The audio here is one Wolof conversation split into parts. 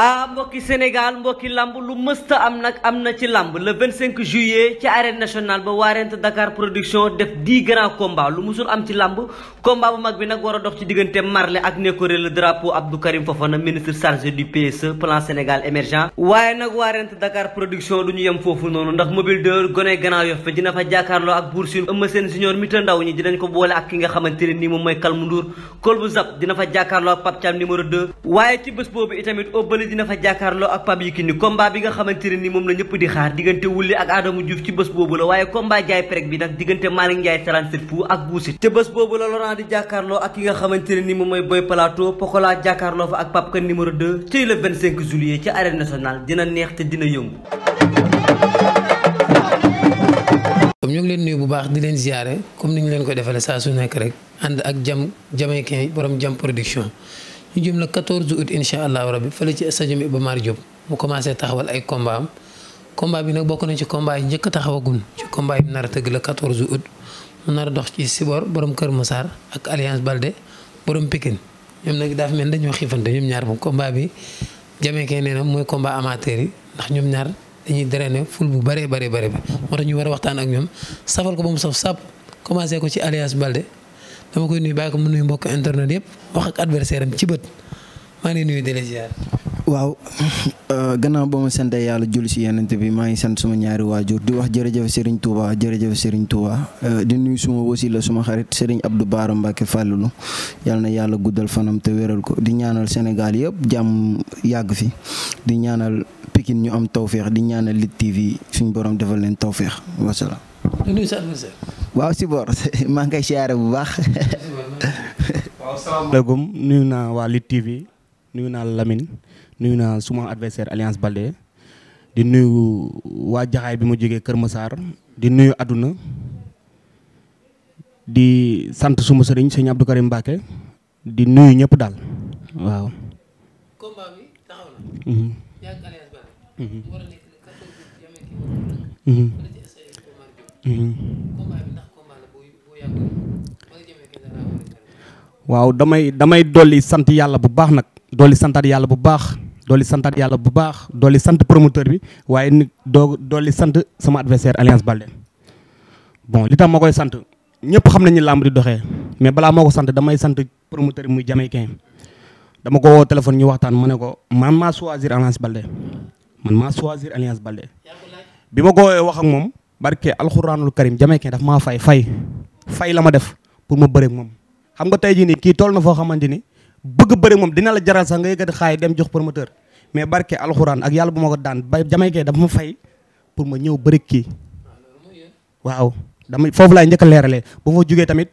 ah mbokki Sénégal mbokki lamb lu mësta am nag am na ci lamb le 25 juillet ci arène nationale ba waarent Dakar production def 10 grands combats lu musul am ci lamb combat bu mag bi nag war a dox ci diggante Marley ak Nékoré le drapeau Abdou Karim Fofana ministre chargé du PSE plan Sénégal émergent waaye nag waarent Dakar production du ñu yem foofu noonu ndax mobile de gone Grand Yoff fa dina fa jàkkaarloo ak Bour Sine Eumeu Sène junior mi ta ndaw ñi dinañ ko boole mooy Kalmu Ndour Kolbu Zap dina fa jàkkaarloo ak dina fa jàkkaarloo ak Pape Yekini combat bi nga xamante ne ni moom la ñëpp di xaar diggante Wouly ak Adama Diouf ci bés boobu la waaye combat jaay prek bi nag diggante Malick Ndiaye 37 fou ak Boussine te bés boobu la Laurent di jàkkaarloo ak ki nga xamante ne ni moom mooy Boy Plateau Pokola jàkkaarloo fa ak Pape Kane numéro 2 ci le 25 juillet ci arène nationale dina neex te dina yëngu comme ñu ngi leen nuyu bu baax di leen ziare comme ni ñu leen ko defalee saa su nekk rek ànd ak jam jamaïcain borom jam production ñu jëm le 14 août incha allahu rabbi fële ci i Iba Mar Diop mu commencé taxawal ay combat am combat bi nag bokk na ci combat yi njëkk a taxawagun ci combat yi mu nar a tëgg le 14 août mu nar a dox ci Sibor borom Kër Massar ak Alliance Baldé borom Pikine ñoom nag dafa mel dañoo xiifante ñoom ñaar moom combat bi yi ndax ñoom ñaar dañuy drainer ful bu bëree bëri bëri bi moo tax ñu war a waxtaan ak ñoom safal ko ba mu saf sàpp commencé dama koy nuyu mu mbokk internet yëpp wax ak adversaire am ci bët maa ngi nuyu di la waaw euh, gannaaw ba ma sant yàlla julli si yenente bi maa ngi sant suma ñaari waajur di wax jërëjëf Serigne Touba jërëjëf Serigne Touba euh, di nuyu suma wasila suma xarit Serigne Abdou Bara Mbacke Fallou yàlla na yàlla guddal fanam te wéral ko di ñaanal senegal yëpp jàmm yàgg fi di ñaanal pikin ñu am tawféex di ñaanal Lutte TV suñ borom defal leen tawféex wasalaam. di waaw Sibor maa ngi koy bu baax. waaw salaamaaleykum nuyu naa waa Lutte TV nuyu naa Lamine nuyu naa suma adversaire Alliance Baldé di nuyu waa jaxaay bi ma jógee Kër Massar di nuyu àdduna di sant suma sëriñ sëñ Abdou Karim di nuyu ñëpp daal waaw damay damay dolli sant yàlla bu baax nag dolli santaat yàlla bu baax dolli santaat yàlla bu baax dolli sant promoteur bi waaye nit doo dolli sant sama adversaire Alliance Baldé bon li tax ma koy sant ñëpp xam nañu làmb di doxee mais balaa moo ko sant damay sant promoteur bi muy Jamaïcain dama ko woo téléphone ñu waxtaan ma ne ko man maa choisir Alliance Baldé man maa choisir Alliance Baldé bi ma ko woowee wax ak moom barke alxuraanul karim fay la ma def pour ma bëre moom xam nga tey jii nii kii tool na foo xamante ni bëgg bëre moom dina la jaral sax nga yëkkati xaay dem jox promoteur mais barke alxuraan ak yàlla bu ma ko daan ba jamaykee dafa ma fay pour ma ñëw bëri kii waaw dama foofu laay njëkk leeralee bu ma jógee tamit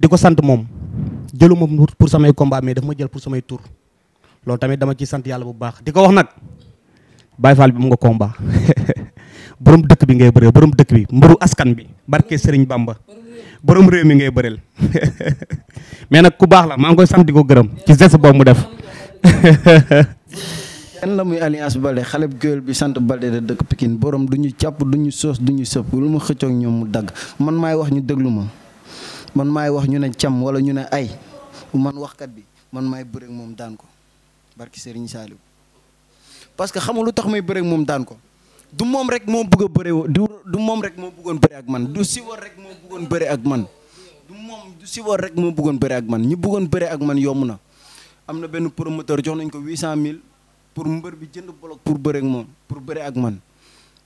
di ko sant moom jëlu ma pour samay combat mais jël pour samay tour loolu tamit dama ciy sant yàlla bu baax di ko wax nag Baye bi mu nga combat borom dëkk bi ngay bëreel borom dëkk bi mbaru askan bi barke Serigne Bamba boroom réew mi ngay bëreel mais nag ku baax la maa ngi koy sant di ko gërëm ci geste boobu mu def. kenn la muy alliance Baldé xale bu géwél bi sant Baldé da dëkk Pikine borom du ñu càpp du ñu soos du ñu sëpp lu mu xëccoog ñoom mu dagg man maay wax ñu déglu ma man maay wax ñu ne càmm wala ñu ne ay man waxkat bi man maay bëreeg moom daan ko barki Serigne Saliou parce que xamul lu tax may bëreeg moom daan ko. du moom rek moo bëgg a du moom rek moo bëggoon bëre ak man du siwar rek moo bëggoon bëre ak man du moom du rek moo buggoon bëre ak man ñi bëggoon bëre ak man yomb na am na benn promoteur jox nañ ko cent mille pour mbër bi jënd bloc pour bëre ak moom pour bëre ak man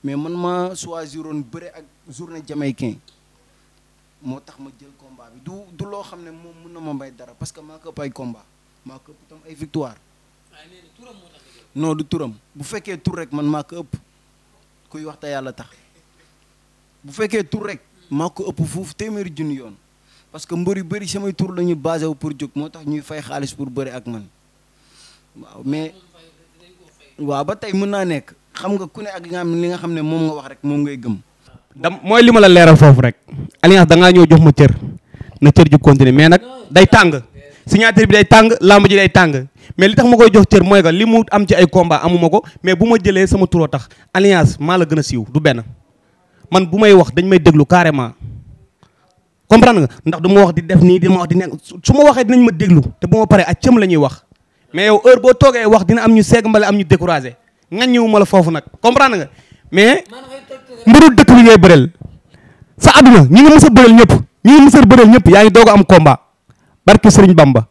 mais man ma choisiroon bëre ak journée jamaïcain moo tax ma jël combat bi du du loo xam ne moom mun na ma may dara parce que maa ko ay combat maa ko tam ay victoire ah, non du turam bu fekkee tur rek man maa ko ëpp kuy wax te yàlla tax bu fekkee tur rek maako ëpp fuuf téeméeri junni yoon parce que mbër yu bëri samay tur la ñuy basé wu pour jóg moo tax ñuy fay xaalis pour bëri ak man waaw mais waaw ba tey mën naa nekk xam nga ku ne ak nga li nga xam ne moom nga wax rek moom ngay gëm. dam mooy li ma la leeral foofu rek. Alliance da ngaa jox ma cër na cër ju continuer mais nag day tàng. signature bi day tàng lamb ji day tàng mais li tax ma koy jox cër mooy que li mu am ci ay combat amuma ko mais bu ma jëlee sama turoo tax alliance maa la gën a siiw du benn man bu may wax dañ may déglu carrément comprendre nga ndax du ma wax di def nii di ma wax di nekk su ma waxee dinañ ma déglu te bu ma paree ak cëm la ñuy wax mais yow heure boo toogee wax dina am ñu seeg mbale am ñu découragé nga ñëw ma la foofu nag comprendre nga mais mbiru dëkk bi ngay bëreel sa àdduna ñi nga mës a bëreel ñëpp ñi nga mës a bëreel ñëpp yaa ngi doog am combat barki sëriñ Bamba.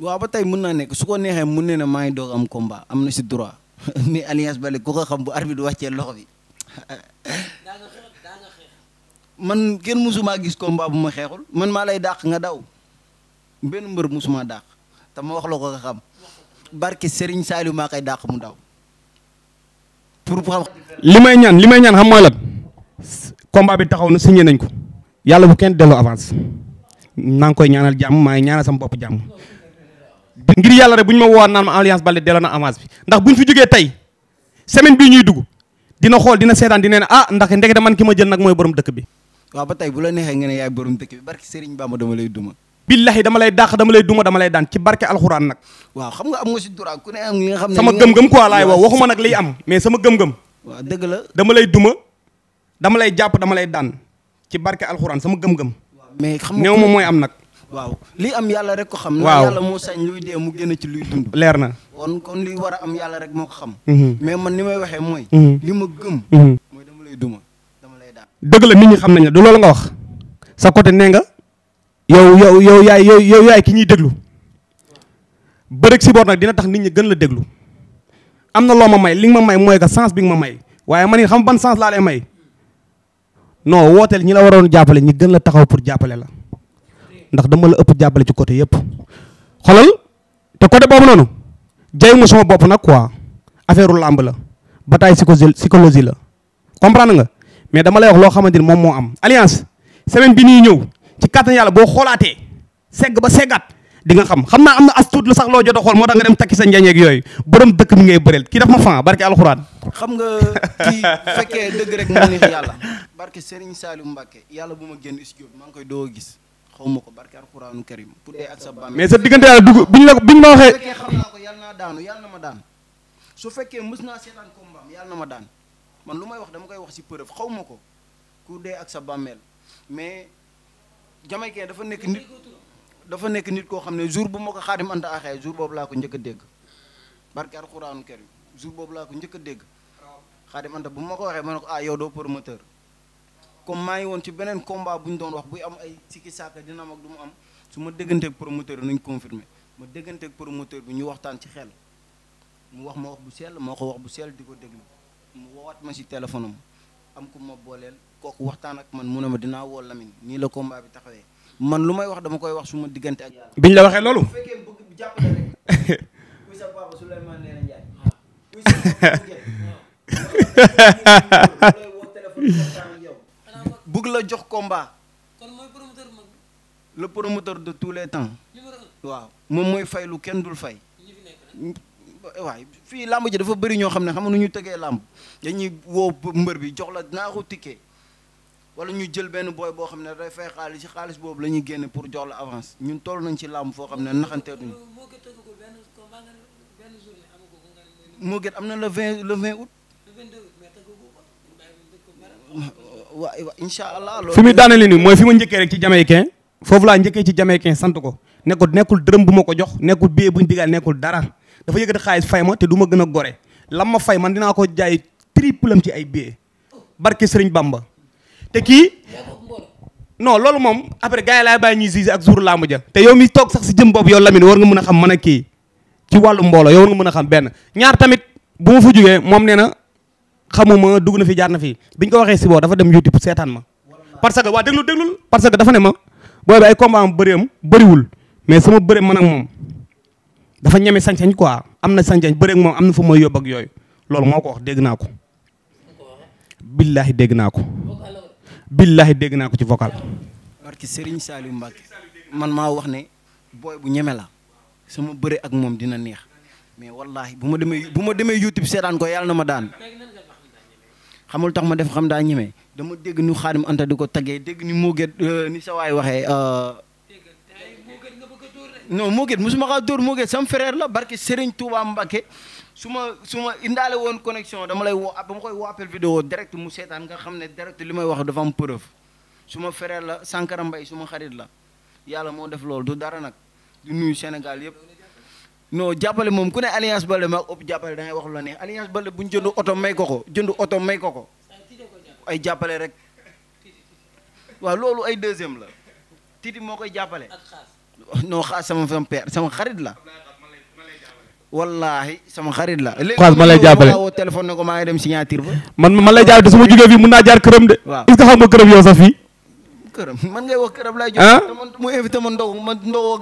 waaw ba tey mën naa nekk su ko neexee mën ne ne maa ngi doog am combat am na si droit mais Alliance Baldé ku ko xam bu arbitre wàccee loxo bi. man kenn mësumaa gis combat bu ma xeexul man maa lay dàq nga daw benn mbër mësumaa dàq te ma wax la ko nga xam barke Serigne Saliou maa koy dàq mu daw. pour pour xam. li may ñaan li ñaan xam mooy lan combat bi taxaw na signé nañ ko yàlla bu kenn delloo avance. maa ngi koy ñaanal jàmm maa ngi ñaanal sama bopp jàmm ngir yàlla rek bu ñu ma woo naan ma Alliance bale delloo na avance bi ndax bu ñu fi jógee tey semaine bii ñuy dugg dina xool dina seetaan di ne ah ndax ndekete man ki ma jël nag mooy borom dëkk bi. waaw ba tey bu la neexee nga ne yaay borom dëkk bi barki Serigne Bamba dama lay lay dàq duma dama lay daan ci barke alxuraan nag. waaw xam nga am nga si droit ku xam ne. sama gëm-gëm quoi laay wax waxuma nag liy am mais sama gëm-gëm. dëgg la dama lay duma dama lay jàpp dama lay daan ci barke alxuraan sama gëm-gëm mais xam nga néew ma mooy am nag. waaw li am yàlla rek ko xam. waaw yàlla moo sañ luy dee mu génn ci luy dund. leer na kon kon li war a am yàlla rek moo ko xam. Mhm. mais man ni may waxee mooy. Mhm. li ma gëm. Mhm. mooy dama lay duma dama lay daan. dëgg la nit ñi xam nañ la du loolu nga wax sa côté nee nga yow yow yow yaay yow yow yaay ki ñuy déglu bërëg si boor nag dina tax nit ñi gën la déglu am na loo ma may li nga ma may mooy que sens bi nga ma may waaye man it xam ban sens laa lay may non wooteel ñi la waroon jàppale ñi gën la taxaw pour jàppale la ndax dama la ëpp jàppale ci côté yëpp xolal te côté boobu noonu jay mu sama bopp nag quoi affaire làmb la bataille psychologie la comprendre nga mais dama lay wax loo xamante ni moom moo am alliance semaine bi ñuy ñëw ci kàttan yàlla boo xoolaatee segg ba seggaat di nga xam xam naa am na as tuut la sax loo jot a xool moo tax nga dem takki sa njañeeg yooyu borom dëkk mi ngay bëreel kii daf ma fan barke alxuraan. xam nga Mbacke yàlla bu ma génn studio bi maa ngi koy doo gis ma ko barke alxuraanu karim pour dee sa bàmmeel. mais sa diggante yàlla dugg bi ñu la naa ko yàlla na ma daan su fekkee mës naa seetaan combat am yàlla na ma daan man lu may wax dama koy wax si preuve xaw ma ko ku dee ak sa bàmmeel mais jamaykee dafa nekk nit dafa nekk nit koo xam ne jour bu ma ko xaadim anta axee jour boobu laa ko njëkk a dégg barke alxuraanu karim jour boobu laa ko njëkk a dégg xaadim anta bu ma ko waxee ma ne ko ah yow doo promoteur comme maa ngi woon ci beneen combat bu ñu doon wax bu am ay sikki saaka dina am ak du mu am su ma dégganteeg promoteur bi nañ confirmer ma dégganteeg promoteur bi ñu waxtaan ci xel mu wax ma wax bu sell moo ko wax bu sell di ko déglu mu woowaat ma si téléphone am am ku ma booleel kooku waxtaan ak man mu ne ma dinaa woo Lamine nii la combat bi taxawee man lu may wax dama koy wax suma diggante ak yàlla biñ la waxee loolu bëgg la jox komba le promoteur de tous les temps waaw moom mooy fay lu kenn dul fay waay fii làmb ji dafa bëri ñoo xam ne xam nu ñu tëgee làmb dañuy woo mbër bi jox la naa ko wala ñu jël benn booy boo xam ne day fay xaalis ci xaalis boobu la ñuy génne pour jox la ñun toll nañ ci làmb foo xam ne naxanteetuñu. moo am na le 20 le 20 août. wa wa incha allah. fi mu daanale ni mooy fi ma njëkkee rek ci jamaïcain foofu laa njëkkee ci jamaïcain sant ko nekkul nekkul dërëm bu ma ko jox nekkul billet bu ñu digal nekkul dara dafa yëkkati xaalis fay ma te duma gën a gore lam ma fay man dinaa ko jaay triple am ci ay billet barke Sëriñ Bamba. te kii non loolu moom après gars yi laay bàyyi ñuy juge ak jour laa mujj te yow mi toog sax si jëm bopp yow Lamine war nga mën a xam man a kii ci wàllu mbooloo yow war nga mën a xam benn ñaar tamit bu ma fa jógee moom nee na xamuma dugg na fi jaar na fii bi biñ ko waxee si boo dafa dem YouTube seetaan ma parce que waa déglu déglul parce que dafa ne ma booy bi ay combat am bëri am bëriwul mais sama bëri man ak moom dafa ñeme sañ-sañ am na sañ-sañ moom am na fu may yóbbu ak yooyu loolu moo ko wax dégg naa ko billaahi dégg naa ko billahi dégg naa ko ci vocal. barki Serigne Saliou Mbacke man maa wax ne booy bu ñeme la sama bëre ak moom dina neex mais wallahi bu ma demee bu ma demee YouTube seetaan ko yàlla na ma daan xamul tax ma def xam daa ñeme dama dégg nu xaadim anta di ko taggee dégg ni moo euh, ni sa waxee. Euh, non moo gën musuma kaa dóor moo sam sama frère la barke Serigne Touba Mbacké su ma su indaale woon connexion dama lay woo dama koy woo appel vidéo direct mu seetaan nga xam ne direct li may wax dafa am preuve su ma frère la Sankara mbay suma ma xarit la yàlla moo def loolu du dara nag du nuyu Sénégal yëpp non jàppale moom ku ne alliance Baldé ma ëpp jàppale da wax la neex alliance Baldé bu ñu may ko ko jënd oto may ko ay jàppale rek waaw loolu ay deuxième la titi moo koy jàppale. ak non xaas sama sama père sama xarit la. wallaahi sama la. xaas ma lay jàppale léegi téléphone ne ko maa ngi dem signature ba. man man lay jàppale te su ma jógee fii mun naa jaar këram de. waaw est-ce que xam ka këram yow sax fii. këram man ngay ma ndog ma ndogoo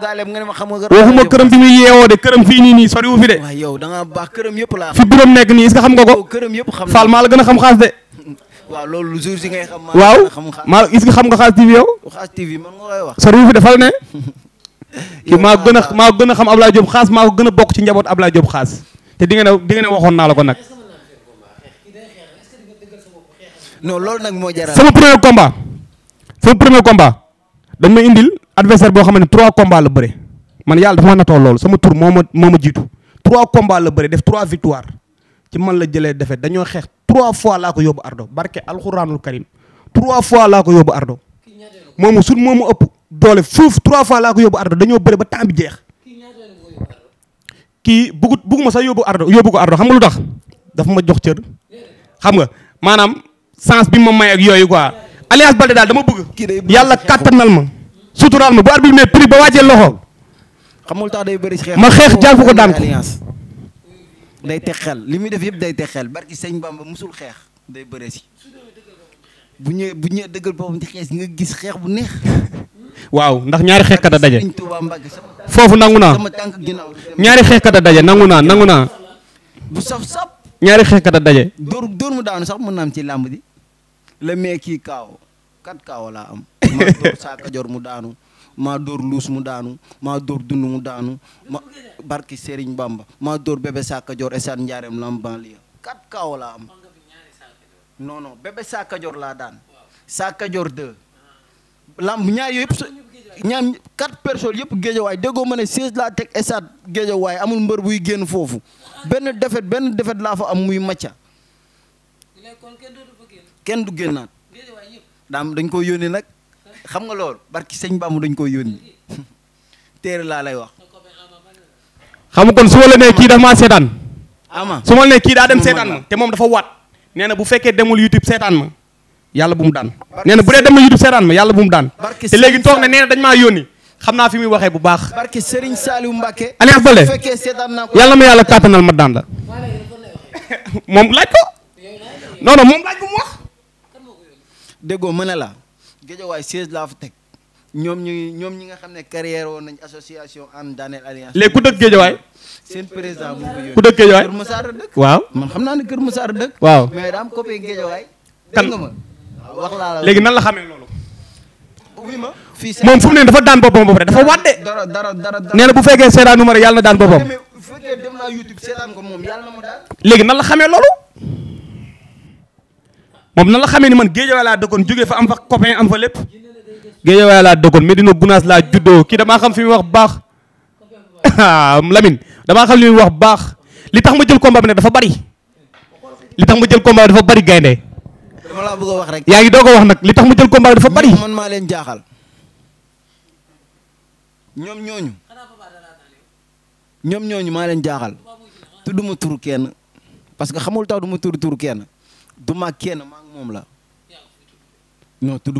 ma xam nga. waxuma këram bi muy yeewoo de këram fii nii nii soriwu fi de. waaw yow da ngaa baax këram yëpp laa. fi biram nekk nii est-ce que xam nga ko. këram yëpp xam Fall maa la gën a xam xaas de. waaw maa la gën a xam xaas xaas TV yow. soriwu fi de Fall ne ki maa gën a maa gën a xam Ablaye Diop xaas maa ko gën a bokk ci njaboot Ablaye Diop xaas te di nga ne di nga ne waxoon naa la ko nag. loolu nag moo jaral sama premier combat sama premier combat dama ma indil adversaire boo xam ne trois combats la bëre man yàlla dafa ma natoo loolu sama tur moo ma moo ma jiitu trois combats la bëre def trois victoire ci man la jëlee defet dañoo xeex trois fois laa ko yóbbu ardo barke alxuraanul karim trois fois laa ko yóbbu ardo moomu sut moomu doole foofu trois fois laa ko yóbbu ardo dañoo bëri ba temps jeex kii bugut buguma sax yóbbu ardo yóbbu ko ardo xam nga lu tax dafa ma jox cër xam nga maanaam sens bi ma may ak yooyu quoi alliance Baldé daal dama bëgg yàlla kàttanal ma suturaal ma bu arbitre mais prix ba wàccee loxo xamul tax day bëri xeex ma xeex jàpp ko daan ko day teg xel li muy def yëpp day teg xel barki sëñ Bamba musul xeex day bëre si bu ñëwee bu ñëwee dëggal boppam di xees nga gis xeex bu neex. waaw ndax ñaari xeexkat a daje. foofu nangu naa ñaari xeexkat a daje nangu naa nangu naa. bu saf saf. ñaari xeexkat a daje. dóor dóor mu daanu sax mën naa ci làmb ji. la mee kii kaaw kat kaaw laa am. maa dóor saaka jor mu daanu. maa dóor luus mu daanu. maa dóor dund mu daanu. ma barki seriñ Bamba. maa dóor bébé saaka jor esaan njaareem lamb banlieue kat kaaw laa am. non saa kajoor laa daan saa kajoor 2 lamb ñaar yooyu yëpp ñaam quatre personnes yëpp géejawaay déggoo ma ne siège laa teg esaat géejawaay amul mbër buy génn foofu benn defet benn defet laa fa am muy macca kenn du génnaat daam dañ koy yónni nag xam nga loolu barki sëñ Bamba dañ koy yónni téere laa lay wax xam nga kon su ma la nee kii dafa maa seetaan ama su ma la kii daa dem seetaan ma te moom dafa waat nee na bu fekkee demul YouTube seetaan ma yàlla bu mu daan nee na bu dee demul YouTube seetaan ma yàlla bu mu daan te léegi toog na nee na dañ maa yónni xam naa fi muy waxee bu baax barke Serigne Saliou Mbacké Alioune Baldé yàlla ma yàlla kàttanal ma daan la moom laaj ko non non moom laaj ko mu wax déggoo mën a la géejawaay siège ñoom ñuy ñoom ñi nga xam ne carrière woon nañ association Hann Daniel Alliance. léegi ku seen président moo ko yónni. ku xam naa ne Kër Masar dëkk. waaw mais daam copain Géejawaay. kan nga ma wax laa léegi nan la xamee loolu. fii moom fu mu ne dafa daan boppam bopp rek dafa wàdde. dara dara dara nee na bu fekkee seetaan numéro yàlla na daan boppam. bu fekkee dem naa YouTube seetaan ko moom yàlla na léegi nan la xamee loolu. moom nan la xamee ni man Géejawaay laa dëkkoon jógee fa am fa copain am fa lépp. géejawaay laa dëkkoon Medina Gunaas laa juddoo kii damaa xam fi muy wax baax Lamine damaa xam li muy wax baax li tax ma jël combat ne dafa bari li tax ma jël combat dafa bari gaynde dama laa bëgg wax rek. yaa ngi doo ko wax nag li tax mu jël combat dafa bari. man maa leen jaaxal. ñoom ñooñu. ñoom ñooñu maa leen jaaxal. tudd ma tur kenn. parce que xamul tax du ma tur tur kenn. du ma kenn maa moom la. non tudd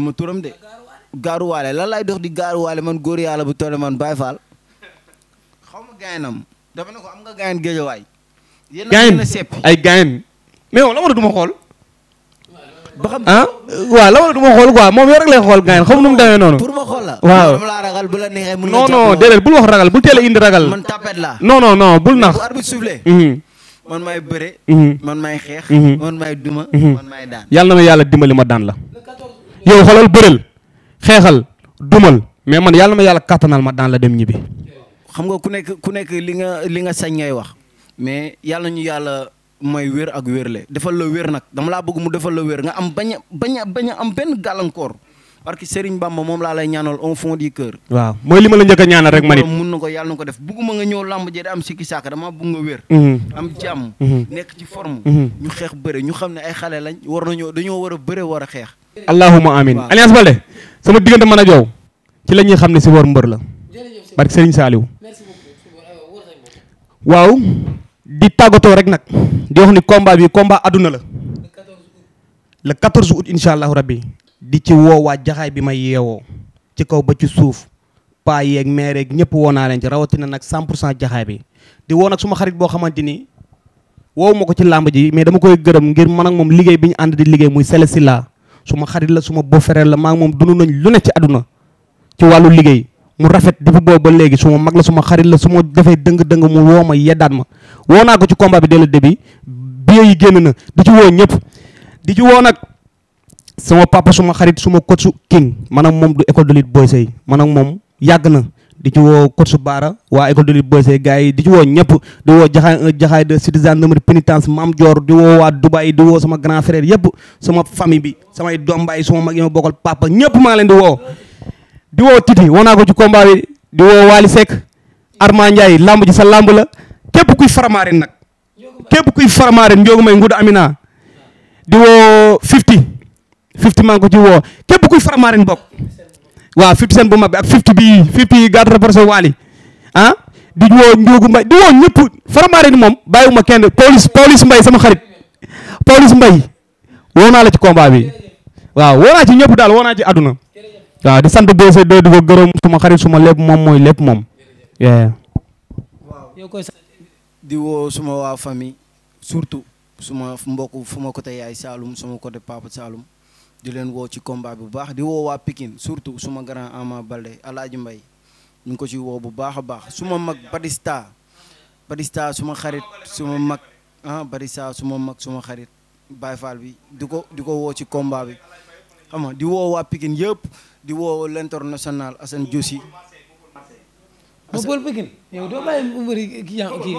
gaaruwaale lan laay dox di gaaruwaale man góor yàlla bu toll man Baye Fall xaw ma gaynam dafa ne ko am nga gayn géejawaay. gayn ay gayn mais yow la war a du ma xool. ba xam ah waaw la war a du ma xool quoi moom yow rek lay xool gayn xamu nu mu demee noonu. pour ma ragal bu la neexee mun non bul wax ragal bul teel a indi ragal. man tapet la non non non bul nax. bu arbitre soufflé. Mhm. man maay bëre. Mhm. man maay xeex. Mhm. man maay yàlla na ma dimbali ma daan la. yow xoolal bëreel. xeexal dumal mais man yàlla ma yàlla kattanal ma daan la dem ñibbi. xam nga ku nekk ku nekk li nga li nga sañ ngay wax mais yàlla ñu yàlla mooy wér ak wérle defal la wér nag dama laa bëgg mu defal la wér nga am bañ a bañ a bañ am benn gàllankoor. parce que Serigne Bamba moom laa lay ñaanal au fond du cœur. waaw mooy li ma la njëkk a ñaanal rek man it. mun na ko yàlla na ko def bugguma nga ñëw làmb jee da am sikki saaka dama bugg nga wér. Mhm. am jàmm. Mhm. nekk ci forme. Mhm. ñu xeex bëre ñu xam ne ay xale lañ war nañoo dañoo war a bëre war a xeex. allahumma sama diggante man a yow ci la ñuy xam ne si war mbër la barke Serigne Saliou euh, waaw di tàggatoo rek nag di wax ni combat bi combat àdduna la le 14 août incha allahu rabbi di ci woo waa jaxaay bi may yeewoo ci kaw ba ci suuf paa yeeg maire yeeg ñëpp woo naa leen ci rawatina nag 100 pour cent jaxaay bi di woon nag suma xarit boo xamante ni woowu ma ko ci làmb ji mais dama koy gërëm ngir man ak moom liggéey bi ñu ànd di liggéey muy Sele Silla suma xarit la suma beau-frère la maa ngi moom dund nañ lu ne ci àdduna ci wàllu liggéey mu rafet di depuis boobu ba léegi suma mag la suma xarit la su ma defee dëng-dëng mu woo ma yeddaat ma woo naa ko ci combat bi dès le début bio yi génn na di ci woo ñëpp di ci woo nag sama papa suma xarit suma coach king maanaam moom du école de lutte Boy Seye maanaam moom yàgg na di ci woo coach Baara waa école de lutte Beusé gars yi di ci woo ñëpp di woo jaxaay un jaxaay de citizen numéro pénitence Mam Dior di woo waa Dubaï di woo sama grand frère yëpp sama famille bi samay dombaay sama mag yi ma bokkal papa ñëpp maa leen di woo di woo Titi woo ko ci combat bi di woo Waly Seck Arma ji sa lamb la képp kuy faramaareen nag kuy faramaareen njoogu may ngudu Amina di woo fifty fifty maa ko ci woo képp kuy faramaareen bokk waaw fifty cent bu mag bi ak fifty bii fifty yi garde rapporté waali ah di woo Ndiogu Mbaye di woo ñëpp Faramareen moom bàyyiwuma kenn Pawlish Pawlish Mbaye sama xarit Pawlish mbay woo naa la ci combat bi waaw woo naa ci ñëpp daal woo naa ci àdduna waaw di sant BC2 di ko gërëm suma xarit suma lépp moom mooy lépp moom. waaw di woo suma waa famille surtout suma mbokk fu ma côté yaay Saloum suma côté papa Saloum. di leen woo ci combat bu baax di woo waa Pikine surtout suma grand Ama Baldé Alaaji Mbay ñu ngi ko ci woo bu baax a baax suma mag Batista Batista suma xarit suma mag ah Batista suma mag suma xarit Baye bi di ko di ko woo ci combat bi xam nga di woo waa Pikine yëpp di woo l'international Assane Diossi ma bool Pikine yow doo bàyyi mu bëri kii kii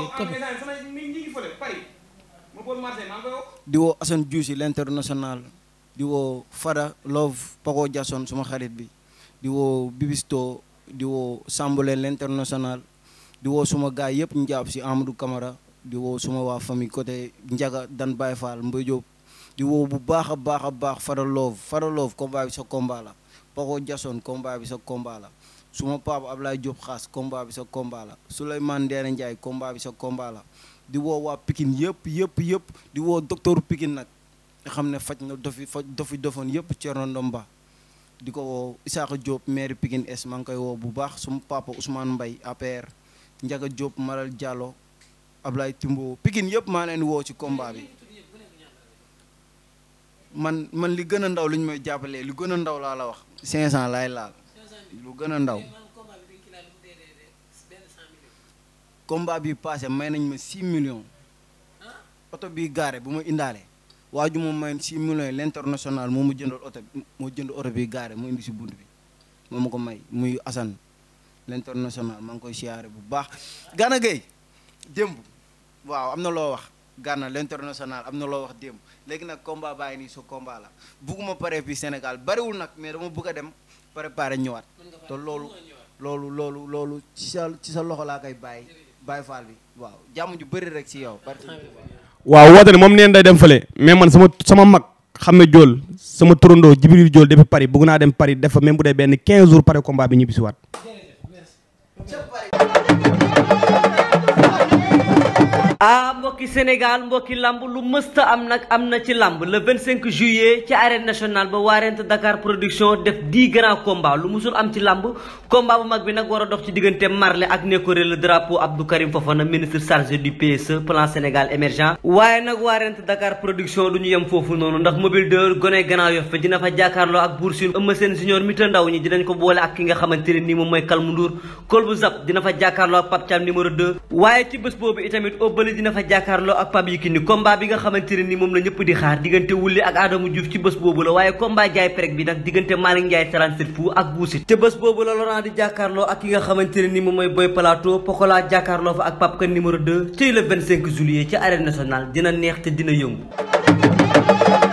di woo Fada Love Paco Jason suma xarit bi di woo Bibisto di woo Sambuleen l'international di woo suma gaay yëpp ñu si Amadou Camara di woo suma waa fami côté Njaga Dan Baye Fall Mbaye Diop di woo bu baax a baax baax Fada Love Fada Love combat bi sa combat la Paco Jason combat bi sa combat la suma papa Ablaye Diop xaas combat bi sa combat la Souleymane Ndéné Ndiaye combat bi sa combat la di woo waa Pikine yëpp yëpp yëpp di woo docteur Pikine nag xam ne faj na dofi faj dofi dofoon yëpp Thierno Ndomba di ko woo Isaaxa Diop maire pikin Est maa ngi koy woo bu baax suma papa Ousmane Mbaye APR Ndiaga Diop Malal Diallo Ablaye Timbo Pikine yëpp maa leen woo ci komba bi man man li gën a ndaw lu ma jàppalee lu gën a ndaw laa la wax 500 laay laal lu gën a ndaw komba bi passé may nañ ma 6 millions oto bi gaare bu ma indaale waa moom ma si six millions l'international moo ma jëndal oto moo jënd oto bi gaare mu indi si bunt bi moo ma ko may muy Assane l'international maa ngi koy siyaare bu baax Gana Gueye démb waaw am na loo wax lenter l'international am na loo wax démb léegi nag combat bàyyi nii su combat la bugguma pare fii Sénégal bariwul nag mais dama bëgg a dem préparer ñëwaat te loolu loolu loolu loolu ci sa loxo laa koy bàyyi bàyyi faal bi waaw jàmm ju bari rek si yow waaw woote ne moom neen day dem fële mais man sama sama mag xam ne Jool sama turandoo Jibril Jool depuis Paris bëgg naa dem Paris def fa même bu dee benn 15 jours pare combat bi ñibbisiwaat. ah mbokki Sénégal mbokki lamb lu mësta am nag am na ci lamb le 25 juillet ci arène nationale ba waarent Dakar production def 10 grands combats lu musul am ci lamb combat bu mag bi nag war a dox ci diggante Marley ak Nékoré le drapeau Abdou Karim Fofana ministre chargé du PSE plan Sénégal émergent waaye nag waarent Dakar production du ñu yem foofu noonu ndax mobile de gone Grand Yoff dina fa jàkkaarloo ak Bour Sine Eumeu Sène Junior mi ta ndaw ñi dinañ ko ne nii moom mooy Kalmu Ndour Kolbu Zap dina fa jàkkaarloo ne dina fa jàkkaarloo ak Pape Yékini combat bi nga xamante ne ni moom la ñëpp di xaar diggante wulli ak Adama Diouf ci bés boobu la waaye combat jaay prek bi nag diggante Malick Ndiaye fu ak buusit te bés boobu la Laurent di jàkkaarloo ak ki nga xamante ne ni moom mooy Boy Plateau Pokola jàkkaarloo fa ak Pape Kane numéro 2 ci le 25 juillet ci arène nationale dina neex te dina yëngu